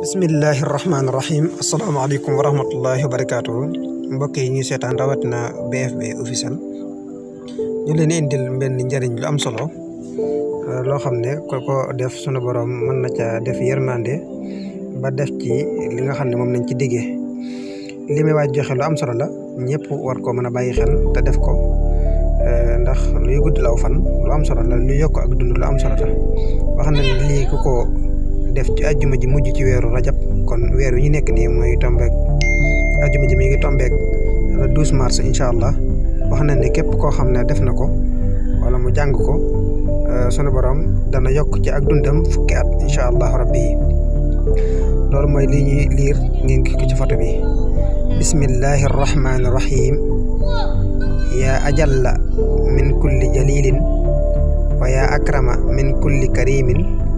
Bismillahirrahmanirrahim. Assalamualaikum warahmatullahi wabarakatuh. wa setan mbokk yi sétan rawat na BFB official ñu leen indil benn njëriñ lu am solo euh, lo ko ko def suñu borom mën na ca def yërmande ba def ci li nga xam mom moom lañ ci diggé mana waj waaj joxe lu am solo la ñepp war ko mëna bayyi xel te def ko euh, ndax luy gudd law fan lu am solo la lu yokk ak dund lu am solo la waxna na ko def ci aljuma ji mujj ci wéru rajab kon wéru ñi nekk ni moy mooy ak aljuma ji mi ngi tombeek ak 12 mars inshallah allah wax na ne képp ko xam def nako, wala mu jang ko euh, sunu borom dana yok ci ak dundam fukki at inshallah rabbi loolu moy li ñi liir ngeen ko ci photo bi Bismillahirrahmanirrahim. ya ajalla min kulli jalilin wa ya akrama min kulli karimin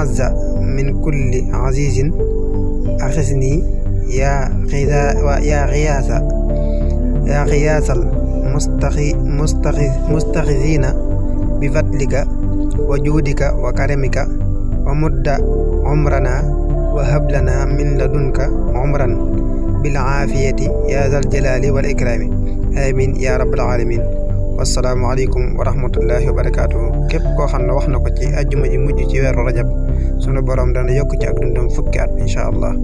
أعز من كل عزيز أخذني يا غذاء ويا غياث يا غياث المستغذين بفضلك وجودك وكرمك ومد عمرنا وهب لنا من لدنك عمرا بالعافية يا ذا الجلال والإكرام آمين يا رب العالمين wasalaamualeykum wa rahmatullahi wa barakaatu. képp koo xam ne wax na ko ci ajjuma ji mujj ci weeru rajab sunu borom dana yokk ci ak dundam fukki at incha allah.